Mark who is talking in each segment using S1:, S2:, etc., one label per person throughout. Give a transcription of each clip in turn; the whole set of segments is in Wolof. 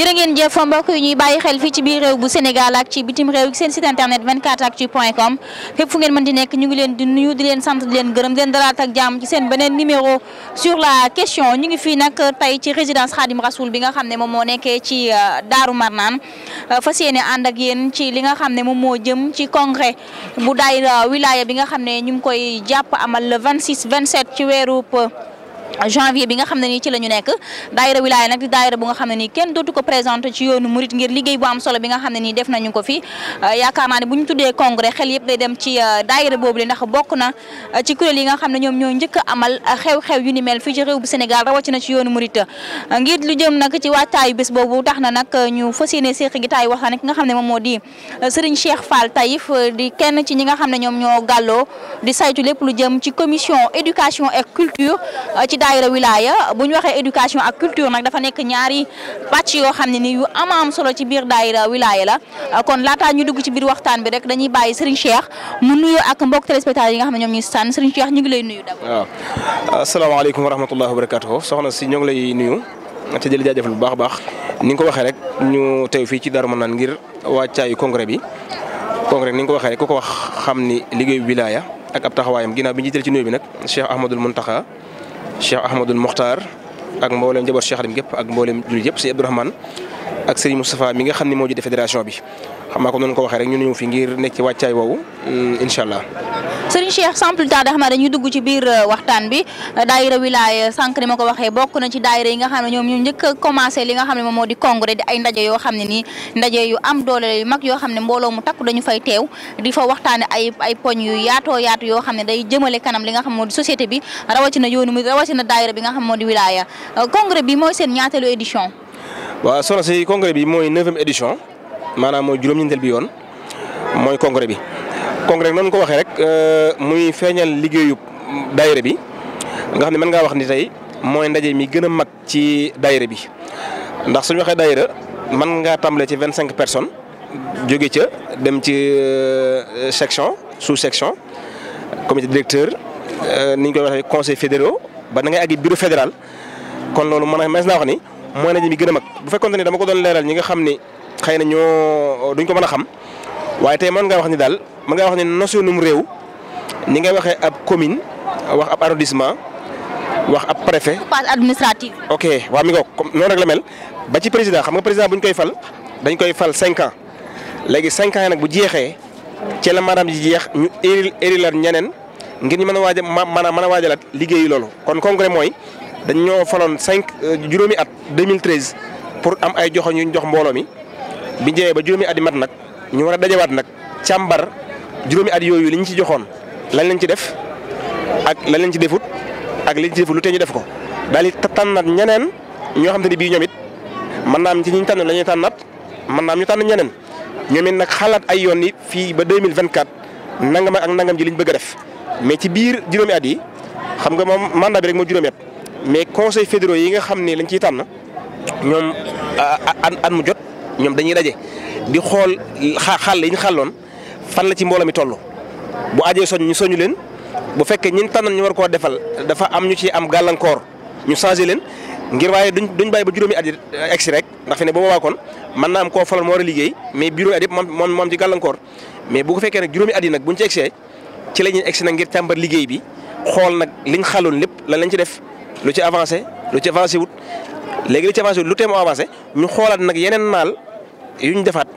S1: jërë ngeen jëf mbokk yi ñuy bàyyi xel fii ci biir réew bu Sénégal ak ci bitim réew seen site internet 24actu point com fépp fu ngeen mën di nekk ñu ngi leen di nuyu di leen sant di leen gërëm di leen dalaat ak jàmm ci seen beneen numéro sur la question ñu ngi fii nag tey ci résidence Khadim Rasoul bi nga xam ne moom moo nekkee ci euh, Daaru Marnaan euh, fas yéene ànd ak yéen ci li nga xam ne moom moo jëm ci congrès bu daayira wilaya bi nga xam ne ñu ngi koy jàpp amal le 26 27 ci weeru janvier bi nga xam ne nii ci la ñu nekk daayira wilaaya nag di daayira bu nga xam ne nii kenn dootu ko présenté ci yoonu murit ngir liggéey bu am solo bi nga xam ne nii def nañu ko fi euh, yaakaar naa ne bu ñu tuddee congrès xel yëpp day dem ci euh, daayira boobu li ndax bokk na euh, ci kuréel yi nga xam ne ñoom ñoo njëkk amal xew-xew yu ni mel fii ci réew bu Sénégal rawatina ci yoonu murit ngir lu jëm nag ci waajtaayu bés boobu tax na nag ñu fas yéene séq gi taay waxtaan ki nga xam ne moom moo di Serigne Cheikh Fall Taïf di kenn ci ñi nga xam ne ñoom ñoo gàlloo di lépp lu jëm ci commission éducation et culture daayira wilaaya bu ñu waxee éducation ak culture nag dafa nekk ñaari pàcc yoo xam ne ni yu am am solo ci biir daayira wilaaya la kon laataa ñu dugg ci biir waxtaan bi rek dañuy bàyyi Serigne Cheikh mu nuyoo ak mbokk téléspectateurs yi nga xam ne ñoo ñu sànn Serigne ñu ngi lay nuyu
S2: d'abord. waaw asalaamaaleykum wa rahmatullahi wa barakatuh soxna si ñoo ngi lay nuyu te jël jaajëfal bu baax a baax ni nga ko waxee rek ñu teew fii ci Darou naan ngir wàccaayu congrès bi congrès ni nga ko waxee rek ku ko wax xam ni liggéeyu wilaaya ak ab taxawaayam ginnaaw bi ñu jël ci nuyu bi nag Cheikh Ahmadul Muntaxa Cheikh Ahmadul Mokhtar ak mboolem njaboot Cheikh Xadim gépp ak mboolem jullit yëpp sëñ Abdourahmane ak sëriñ Moustapha mi nga xam ne moo jiite fédération bi. xam naa ko noonu ko waxee rek ñu ñëw fi ngir nekk ci wàccaay woowu mm, incha allah.
S1: Serigne Cheikh sans xam naa dañuy dugg ci biir euh, waxtaan bi euh, daayira wilaaya euh, sànq ni ma ko waxee bokk na ci daayira yi nga xam ne ñoom ñu njëkk a li nga xam ne moom moo di congrès di ay yoo xam ne nii ndaje yu am doole yu mag yoo xam ne mbooloo mu takku yu yaatoo yaatu yoo xam ne day jëmale kanam li nga xam moo di société bi rawatina bi nga xam moo di wilaaya congrès bi mooy seen ñaateelu édition.
S2: waaw soxna si congrès bi mooy neuvième édition maanaam mooy juróom-ñeenteel bi yoon mooy congrès bi. congrès noonu ko waxee rek euh, muy feeñal liggéeyub daayira bi nga xam ne mën ngaa wax ni tey mooy ndaje mi gën a mag ci daayira bi ndax suñu waxee daayira man ngaa tàmbale ci vingt cinq personnes jóge ca dem ci euh, section sous section comité directeur euh, ni ñu koy waxee conseil fédéraux ba na ngay àgg bureau fédéral kon loolu mën a naa wax ni mooy ndaje mi gën mag bu fekkoon ne dama ko doon leeral ñi nga xam xëy na ñoo duñ ko mën a xam waaye tey mën ngaa wax ni daal mën ngaa wax ni notionum réew ni ngay waxee ab commune wax ab arrondissement wax ab préfet.
S1: administratif.
S2: ok waaw mi nga comme noonu rek la mel ba ci président xam nga président buñ koy fal dañ koy fal cinq ans léegi cinq ans nag bu jeexee ci la maanaam ji jeex ñu éri érilaat ñeneen ngir ñu mën a waaj a mën a waajalaat liggéeyi loolu kon congrès mooy dañ ñoo faloon cinq euh, juróomi at 2013 pour am ay joxoñ yu ñu jox mbooloo mi. bi jëmee ba juróomi at mat nag ñu war a dajawaat nag càmbar juróomi at yooyu liñ ci joxoon lañ lañ ci def ak lañ lañ ci defut ak liñ ci defut lu tee ñu def ko daal di tànnaat ñeneen ñoo xam te ne bii ñoom it mën naa am ci ñi ñu tànn la ñuy tànnaat mën naa am ñu tànn ñeneen ñoom nag xalaat ay yoon yi fii ba 2024 nangam ak nangam ji liñ bëgg a def mais ci biir juróomi at yi xam nga moom mandat bi rek moo juróomi at mais conseil fédéraux yi nga xam ne lañ ciy na ñoom a ah, ah, at mu jot. ñoom dañuy daje di xool xa xàll yi ñu xàlloon fan la ci mbooloo mi toll bu ajee soñ ñu soñu leen bu fekkee ñin tànnan ñu war koo defal dafa am ñu ci am gàllankoor ñu changé leen ngir waaye duñ duñ ba juróomi at yi rek ndax fi ne booba waa kon mën naa am koo falal moo war a liggéey mais juróomi at yëpp moom moom ci gàllankoor mais bu ko fekkee nag juróomi at yi nag buñ ci egsee ci la ñuy na nag ngir càmbar liggéey bi xool nag liñ xàlloon lépp lan lañ ci def lu ci avancé lu ci avancé wut léegi li ci avancé lu teem avancé ñu xoolaat nag yeneen naal yu ñu defaat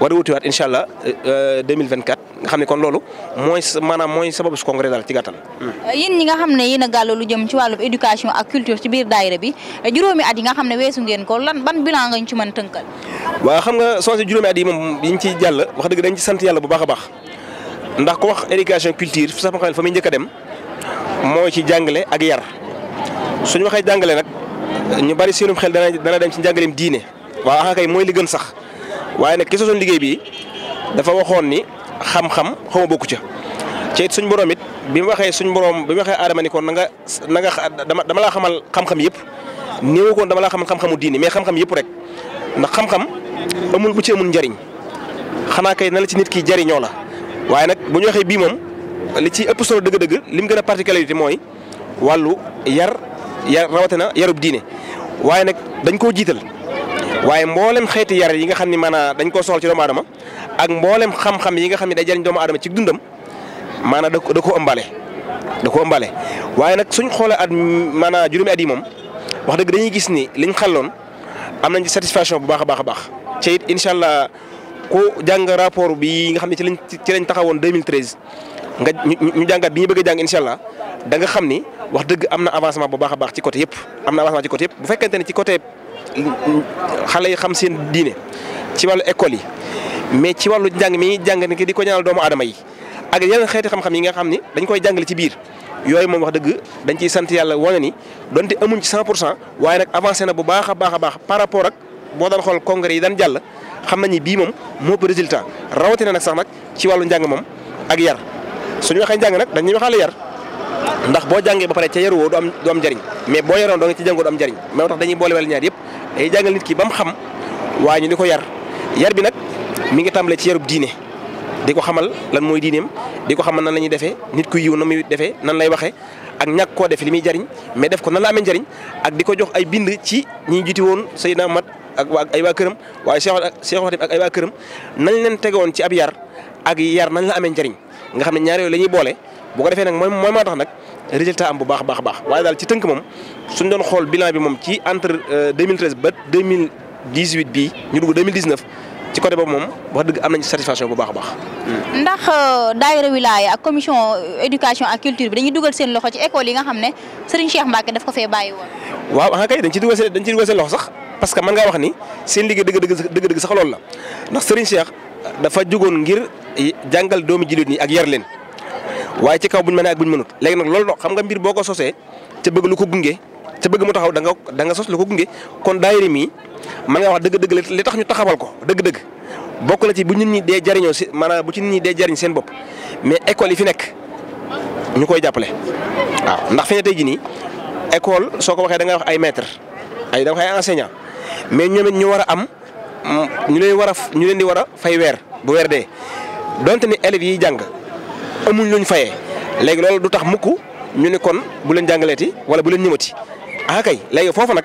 S2: war a wutiwaat incha allah 2024 euh, euh, nga xam ne kon loolu mooy maanaam mooy sababu su congrès daal ci gàttal. Euh,
S1: yéen ñi nga xam ne yéen a gàll lu jëm ci wàllum éducation ak culture ci biir daayira bi juróomi at yi nga xam ne weesu ngeen ko lan ban bilan nga ñu ci mën tënkal.
S2: waaw xam nga soo juróomi at yi moom yiñ ci jàll wax dëgg dañ ci sant yàlla bu baax a baax ndax ko wax éducation culture sax ma fa muy njëkk dem mooy ci jàngale ak yar suñu waxee jàngale nag ñu bari seenum xel dana dana dem ci njàngaleem diine waaw kay mooy li gën sax waaye nag ki sosoon liggéey bi dafa waxoon ni xam-xam xaw ma bokku ca ci it suñ borom bi mu waxee suñ borom bi waxee aadama ni kon na nga na nga dama dama laa xamal xam-xam yëpp néew koon dama la xam-xamu diine mais xam-xam yëpp rek ndax xam-xam amul bu ci amul njariñ xanaa kay na la ci nit ki jariñoo la waaye nag bu ñu waxee bii moom li ci ëpp solo dëgg-dëgg lim mu gën a particularité mooy wàllu yar yar na yarub diine waaye nag dañ koo jiital waaye mboolem xeeti yar yi nga xam ne maanaam dañ koo soxla ci doomu aadama ak mboolem xam-xam yi nga xam ne day jëriñ doomu aadama ci dundam maanaam da da ko ëmbale da ko ëmbale waaye nag suñ xoolee at maanaam juróomi at yi moom wax dëgg dañuy gis ni liñ xàlloon am nañ ci satisfaction bu baax baax a baax ci it incha allah ku jàng rapport bi nga xam ne ci lañ ci lañ taxawoon 2013 nga ñu jàngat bi ñu bëgg a jàng incha da nga xam ni wax dëgg am na avancement bu baax a baax ci côté yëpp am na avancement ci côté yëpp ne ci côté xale yi xam seen diine ci wàllu école yi mais ci wàllu njàng mi jàng ni ki di ko ñaanal doomu adama yi ak yeneen xeeti xam-xam yi nga xam ni dañ koy jàngale ci biir yooyu moom wax dëgg dañ ciy sant yàlla wane ni donte amuñ ci 100 pour cent waaye nag avancé na bu baax a baax a baax par rapport ak boo daan xool congrès yi daan jàll xam nañu bii moom moo résultat rawatina nag sax nag ci wàllu njàng moom ak yar suñu waxee njàng nag dañuy waxaale ndax boo jàngee ba pare ca yaruwoo du am du am njariñ mais boo yaroon doo nga ci jàngoo du am njariñ moo tax dañuy boolewel ñaar yëpp dañuy jàngal nit ki ba xam waaye ñu di ko yar yar bi nag mi ngi tàmbalee ci yarub diine di ko xamal lan mooy diineem di ko xamal nan la ñuy defee nit ku yiw na muy defee nan lay waxee ak ñàkk koo def li muy jariñ mais def ko nan la amee njariñ ak di ko jox ay bind ci ñi jiiti woon Seydina Mat ak waa ay waa këram waaye Cheikh Khadim ak ay waa këram nañ leen tegoon ci ab yar ak yar nañ la ame njariñ nga xam ne ñaar yooyu la ñuy boole boo ko defee nag mooy mooy maa tax nag résultat am bu baax baax baax waaye daal ci tënk moom suñ doon xool bilan bi moom ci entre 2013 euh, ba 2018 bii ñu dugg 2019 ci côté boobu moom wax dëgg am nañ satisfaction bu baax a baax.
S1: Hmm. ndax euh, daayira wilaaya ak commission euh, éducation ak culture bi dañuy dugal seen loxo ci école yi nga xam ne Serigne Cheikh Mbacke daf ko fee bàyyi woon.
S2: waaw ah kay dañ ci dugal seen loxo sax parce que mën ngaa wax ni seen liggéey dëgg dëgg dëgg sax loolu la ndax Serigne Cheikh dafa jugoon ngir jàngal doomu jullit ñi ak yar leen. waaye ci kaw buñ mënee ak buñ mënut léegi nag lool loolu xam nga mbir boo ko sosee ca bëgg lu ko gunge ca bëgg mu taxaw danga nga nga sos lu ko gunge kon daayira mii mën nga wax dëgg-dëgg li tax ñu taxawal ko dëgg-dëgg bokk la ci bu nit ñi dee jariñoo si maanaam bu ci ñi dee jariñ seen bopp mais école yi fi nekk ñu koy jàppale waaw ndax fi ne tey jii nii école soo ko waxee da ngay wax ay maître ay da nga wax ay enseignant mais ñoom it ñu war a am ñu leen war a ñu leen di war a fay weer bu weer dee donte ni élèves yi jàng amuñ luñ fayee léegi loolu du tax mukk ñu ne kon bu leen jàngaleeti wala bu leen ñëwati ah kay léegi foofu nag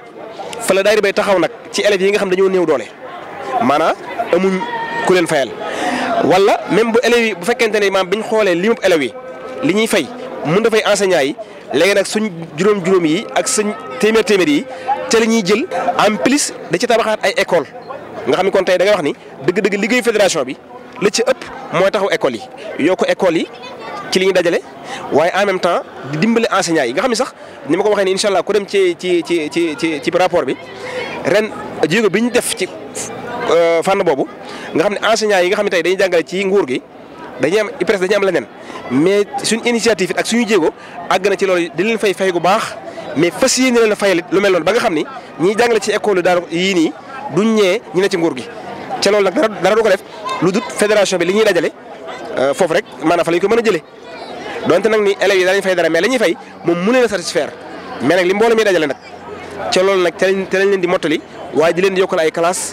S2: fa daa daayira bay taxaw nag ci élèves yi nga xam dañoo néew doole maanaam amuñ ku leen fayal wala même bu élèves yi bu fekkente ne maam bi ñu xoolee limu élèves li ñuy fay mun dafay enseignants yi léegi nag suñ juróom-juróom yi ak suñ téeméer téeméer yi te la ñuy jël en plus da ci tabaxaat ay école nga xam ne kon tey da nga wax ni dëgg-dëgg liggéeyu fédération bi la ci ëpp mooy taxaw école yi yokk école yi. ci li ñu dajale waaye en même temps di dimbale enseignants yi nga xam ne sax ni ma ko waxee ni incha dem ci ci ci ci ci ci rapport bi ren jéego bi ñu def ci euh, fànn boobu nga xam ne enseignants yi nga xam ne tey dañuy jàngale ci nguur gi dañuy am IPRES dañuy am leneen mais suñu initiative ak suñu jéego àgg na ci loolu di leen fay fay gu baax mais fas yéene leen a lu mel noonu ba nga xam ni ñiy jàngale ci école daara yii nii duñ ñëwee ñu ne ci nguur gi. ca loolu nag dara dara du ko def lu dut fédération bi li ñuy dajale euh, foofu rek maanaam fa lañ ko mën a jëlee. donte nag ni élèves yi danañ fay dara mais la ñuy fay moom mu leen a satisfaire mais nag li mbooloo mi dajale nag ca loolu nag te lañ te lañ leen di mottali waaye di leen di yokkal ay classe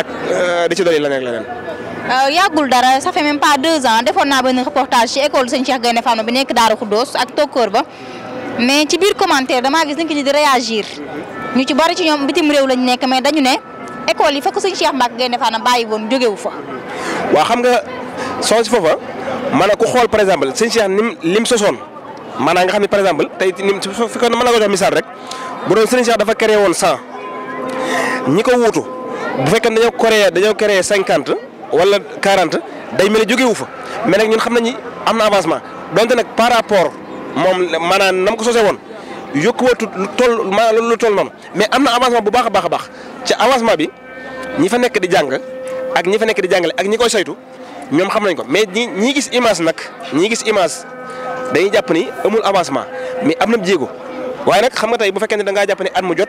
S2: ak euh, di ci dolli euh,
S1: yàggul dara sa fait même pas deux ans defoon naa benn reportage ci école sëñ Cheikh Gaïndé Fatma bi nekk Darou Khoudoss ak Tokkoor ba mais ci biir commentaire damaa gis nit ñi di réagir ñu ci bari ci ñoom bitim réew lañu nekk mais dañu ne école yi fekk sëñ Cheikh Mbacke Gaïndé Fatma bàyyi woon jógewu fa.
S2: waaw xam nga. soo si foofa maanaam ku xool par exemple sëñ Cheikh nim lim sosoon maanaam nga xam ne par exemple tey nim su fekkoon mën na ko jox misaal rek bu doon sëñ Cheikh dafa créé woon cent ñi ko wuutu bu fekkee dañoo créé dañoo créé cinquante wala quarante day mel ni jóge wu fa mais nag ñun xam nañu am na avancement donte nag par rapport moom maanaam nam ko sosee woon yokkuwatu lu toll maanaam lu toll noonu mais am na avancement bu baax a baax a baax ci avancement bi ñi fa nekk di jàng ak ñi fa nekk di jàngale ak ñi koy saytu. ñoom xam nañ ko mais ñi ñi gis image nag ñi gis image dañuy jàpp ni amul avancement mais am na jéego waaye nag xam nga tey bu fekkee ne da ngaa jàpp ne at mu jot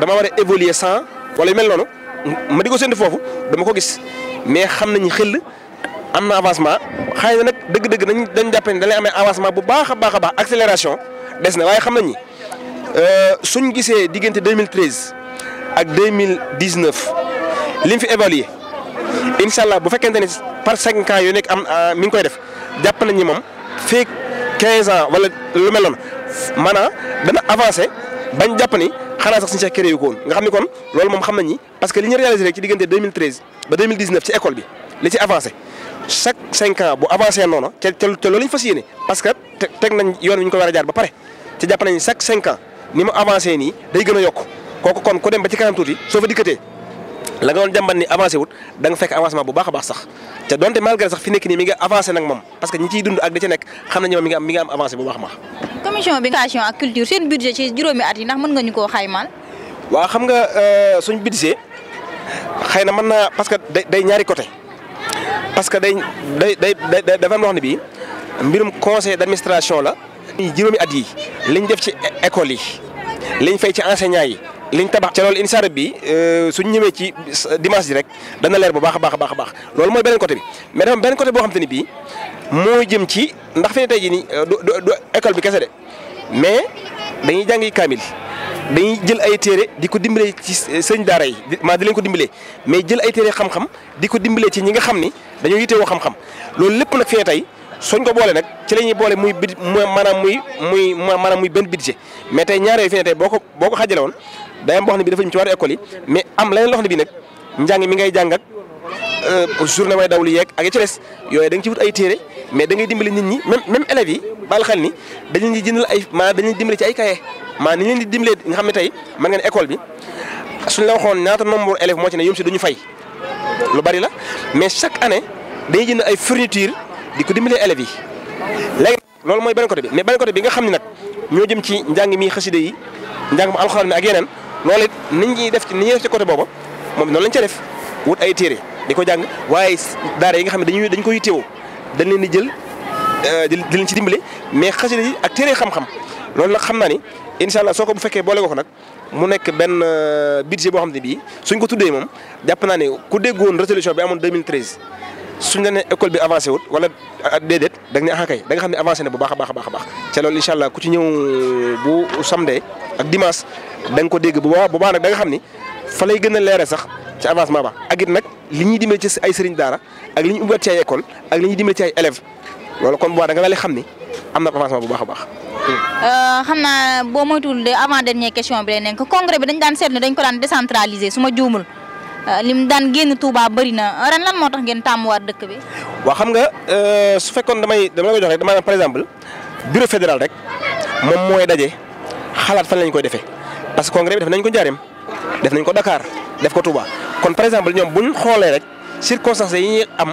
S2: dama war a évoluer sans wala yu mel noonu ma di ko séntu foofu dama ko gis mais xam nañu xel am na avancement xëy na dëgg-dëgg dañ dañ jàpp ne dañuy amee avancement bu baax a baax a baax accélération des na waaye xam nañ ni euh, suñ gisee diggante 2013 ak 2019 lim fi évalué. incha allah bu fekkente ne par cinq ans yu nekk am euh, mi ngi koy def jàpp nañ ni moom fii 15 ans wala lu mel noonu maanaam dana avancé bañ jàpp ni xanaa sax suñu seex créé yu ko nga xam ni kon loolu moom xam na ñi parce que li ñu réalisé ci diggante 2013 ba 2019 ci école bi li ci avancé chaque cinq ans bu avancé noonu te te loolu la ñu fas yéene parce que teg nañ yoon wi ñu ko war a jaar ba pare te jàpp nañ chaque cinq ans ni mu avancé nii day gën yokk kooku kon ku dem ba ci kanam tuuti soo la nga doon jàmbat ni avancé wut da nga fekk avancement bu baax a baax sax te donte malgré sax fi nekk nii mi ngi avancé nag moom parce que ñi ciy dund ak di ci nekk a
S1: bi éducation ak culture seen budget ci juróomi at yi ndax mën nga ñu
S2: xam nga euh, suñ budget xëy na mën naa parce que day day ñaari côté parce que day day day day dafa am mbirum conseil d'administration la. juróomi at yi liñ def ci école yi lañ fey ci enseignants yi. liñ tabax ca loolu incha bi euh, suñ ñëwee ci dimanche ji rek dana leer bu baax a baax a baax a baax loolu mooy beneen côté bi mais dafa beneen côté boo moo jëm ci ndax fi ne tey jii nii euh, du du école bi kese de mais dañuy jàngi kaamil dañuy jël ay téere di ko dimbale ci sëñ daara yi maa di leen ko dimbalee mais jël ay téere xam di ko dimbalee ci ñi nga xam ni dañoo yitewoo xam-xam loolu lépp nag fi ne tey soñ ko boole nag ci la ñuy boole muy bid maanaam muy muy maanaam muy benn budget mais tey ñaare fi boo ko boo ko xaajale woon day am boo bi dafa ñu ci wàllu école yi mais am leneen loo bi nag njàng mi ngay jàng ak euh, journée way daw lu yeeg ak ci yooyu da nga ci wut ay téere mais dangay ngay dimbali nit ñi même même élèves yi baal xel ni dañ leen jëndal ay maanaam dañ leen di ci ay kaye maanaam ni leen di dimbalee nga xam ne tey mën école bi suñ la waxoon ñaata nombre élève moo ci ne yom si duñu fay lu bari la mais chaque année dañuy jënd ay fourniture di ko dimbalee élèves yi léegi loolu mooy beneen côté bi mais beneen bi nga xam ne nag ñoo jëm ci njàng mi xasida yi njàng mu alxuraan mi ak yeneen loolu it niñ ñuy def ci ni ñuy def côté booba moom noonu lañ ca def wut ay téere di ko jàng waaye daara yi nga xam ne dañuy dañ koy teewoo dañ leen di jël euh, di leen ci dimbale mais xasida yi ak téere xam-xam loolu nag xam naa ni incha allah soo ko bu fekkee boole ko nag mu nekk benn euh, budget boo xam ne bii suñ ko tuddee moom jàpp naa ne ku déggoon résolution bi amoon 2013. suñ la nee école bi avancer wut wala déedéet da nga ne ah kay da nga xam ne na bu baax a baax a baax te loolu incha allah ku ci ñëw euh, bu samedi ak dimanche da ko dégg bu baax bu baax da nga xam ni fa lay gën a leeree sax ci avancement ba ak nag li ñuy dimbali ci ay sëriñ daara ak li ñu ubbiwaat ci ay ak li ñuy dimbali ci ay élèves loolu kon bu baax da nga xam ni am na avancement bu a baax.
S1: Euh, xam naa boo moytuwul de avant dernière question bi lay nekk congrès bi dañ daan seetlu dañ ko daan décentraliser su ma Euh, lim daan génn Touba bëri na euh, ren lan moo tax ngeen tàmmuwaat dëkk bi.
S2: waaw xam nga euh, su fekkoon damay damay la dama par exemple bureau fédéral rek moom mooy daje xalaat fan lañ koy defee parce que congrès bi def nañ ko Njaareem def nañ ko Dakar def ko Touba kon par exemple ñoom buñ xoolee rek circonstances yi ñuy am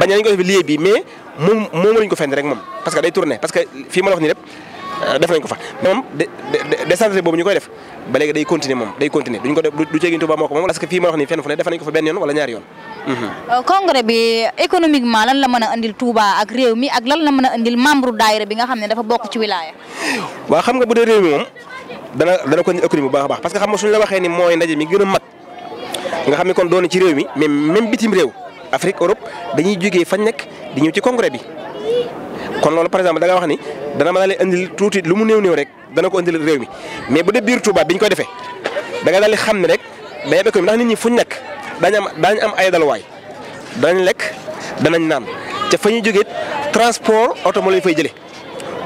S2: bañ nañ bi mais moom moomu lañ ko fenn rek moom parce que day tourné parce que fii ma la wax nii lépp. def nañ ko fa moom décentralisé boobu ñu koy def ba léegi day continuer moom day continuer duñ ko def du ceegin Touba moo ko moom parce que fii ma wax nii fenn fu ne def nañ ko fa benn yoon wala ñaari yoon. Mhm.
S1: Euh, congrès bi économiquement lan la mën a indil Touba ak réew mi ak lan la mën a indil membre daayira bi nga xam ne dafa bokk ci wilaya.
S2: waaw xam nga bu dee réew mi moom dana dana ko économie bu baax baax parce que xam nga waxee ni mooy ndaje a mag nga xam ne kon doon ci réew mi mais même bitim réew Afrique Europe dañuy jógee fañ nekk di ñëw ci congrès bi kon loolu par exemple da wax ni dana mën a leen indil tuuti lu mu néew néew rek dana ko indil réew mi mais bu dee biir Touba bi ñu koy defee da nga daal xam ne rek day ko ndax nit ñi fu nekk daañu am daañu am ay dalwaay danañ lekk danañ naan te fa ñuy jógee transport oto moo lañ fay jëlee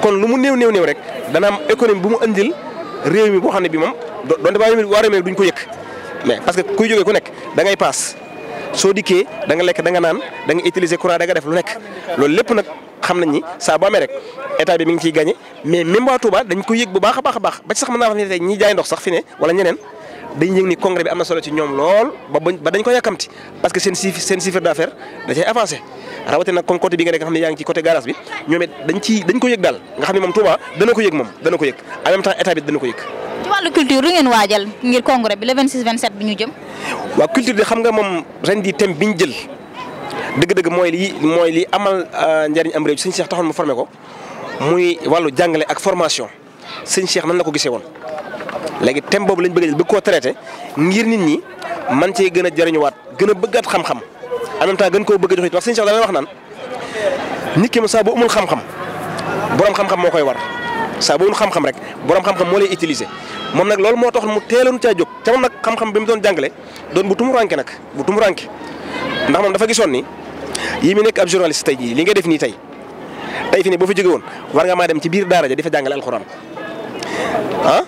S2: kon lu mu néew néew néew rek dana am économie bu mu indil réew mi boo xam ne bi moom donte ba waa réew mi duñ ko yëg mais parce que kuy jógee ku nekk da ngay paas soo dikkee da nga lekk da nga naan da nga utiliser courant da nga def lu nekk loolu lépp nag. xam nañ ni saa bu amee rek état bi mi ngi ciy gagné mais même waa Touba dañ ko yëg bu baax a baax a baax ba ci sax mën naa wax ne tey ñiy jaay ndox sax fi ne wala ñeneen dañ yëg ni congrès am ba dañ ko yàkkamti parce que seen chiffre seen chiffre d'affaires da ne yaa ngi ci côté garage bi ñoom it dañ ciy yëg daal nga xam ne moom Touba dana ko yëg moom dana yëg en même temps état bi dana yëg
S1: ci wàllu culture lu waajal ngir congrès bi le 26 27 bi ñu jëm
S2: waaw culture bi xam nga moom ren dëgg-dëgg mooy lii mooy lii amal euh, njariñ am réew sëñ seex taxoon mu formé ko muy wàllu jàngale ak formation sëñ Cheikh nan la ko gisee woon. léegi thème boobu lañ bëgg a jël bëgg koo traité ngir nit ñi man cee gën a jariñuwaat gën a bëggaat xam-xam en même temps gën koo bëgg a jox it wax sëñ Cheikh damay wax naan nit ki ma saa bu amul xam-xam borom xam-xam moo koy war. saa boobu xam-xam rek borom xam-xam moo lay utiliser moom nag loolu moo tax mu teeloon caa jóg te nag xam-xam doon jàngale doon bu tumuranke nag bu tumuranke ndax moom dafa gisoon ni yi mi nekk ab journaliste tey jii li nga def nii tey tey fi ne boo fa jóge woon war nga maa dem ci biir daara ja di fa jàngale alxuraan ah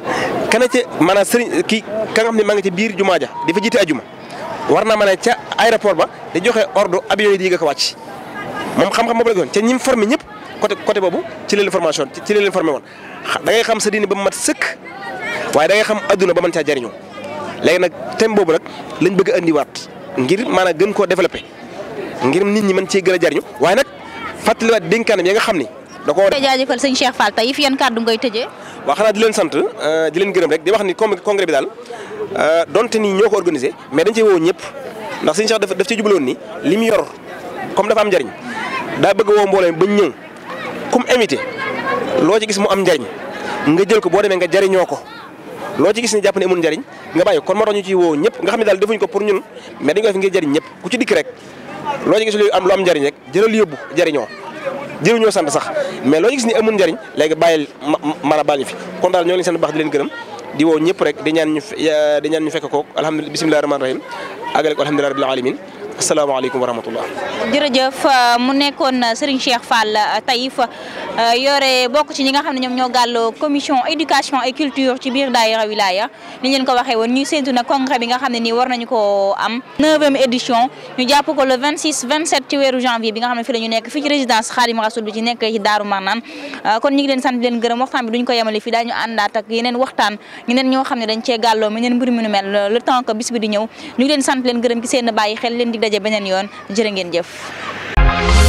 S2: kana ca maanaam sëriñ ki ka nga xam ne maa ngi ci biir jumaa ja di fa jiite ajuma war na mën a ca aéroport ba di joxe ordre avion yi di yéeg ko wàcc moom xam-xam boobu la ca ñi mu ñëpp côté côté boobu ci leen formation ci leen formé woon da ngay xam sa diine ba mu mat sëkk waaye da xam adduna ba mën caa jariñoo léegi nag ten boobu nag lañ bëgg a andiwaat ngir maanaam gën koo développé ngir nit ñi mën cee gën a jariñu waaye nag fàttaliwaat dénkaanam ya nga xam ni da koo
S1: jaajëfal sëñ Cheikh Fall tey fi yan kàddu ngay tëjee
S2: waa di leen sant eh, di leen gërëm rek di wax ni comme congrès bi daal eh, donte ni ñoo ko organisé mais dañ cee woo ñëpp ndax sëñ Cheikh daf ci jubaloon ni li mu yor comme dafa am njariñ daa bëgg woo mbooleem ba ñëw kum invité loo ci gis mu am njariñ nga jël ko boo demee jariñoo ko loo ci gis ni jàpp ne amul njariñ nga bàyyi kon moo tax ñu ci woo ñëpp nga xam ne daal defuñ ko pour ñun mais dañ ko def ngir jariñ ñëpp ku ci dikk rek loo ñu gis lu am lu am njariñ rek jëral yóbbu jariñoo jëriñoo sant sax mais loo ñu gis ni amul njariñ léegi bàyyil mara baal ñu fi kon ñoo ngi leen sant baax di leen gërëm di woo ñëpp rek di ñaan ñu di ñu fekk kook alhamdulilah bisimilah rahmaani rahim àggale ko alhamdulilah rabbil alamin asalaamaaleykum wa rahmatullah
S1: jërëjëf euh, mu nekkoon euh, Serigne Cheikh Fall euh, Taïf yore bokk ci ñi nga xam ne ñoom ñoo gàlloo commission éducation et culture ci biir daayira wilaya ni leen ko ñu jàpp ko le ci weeru janvier bi nga xam ne fi la nekk fii ci résidence Khadim Rasoul bi ci nekk ci Daaru Marnaan kon ñu ngi leen sant di leen gërëm waxtaan bi duñ ko yemale fii daañu àndaat yeneen waxtaan ñeneen ñoo xam ne dañ cee gàlloo ñu ngi leen sant daje beneen yoon jërë ngeen jëf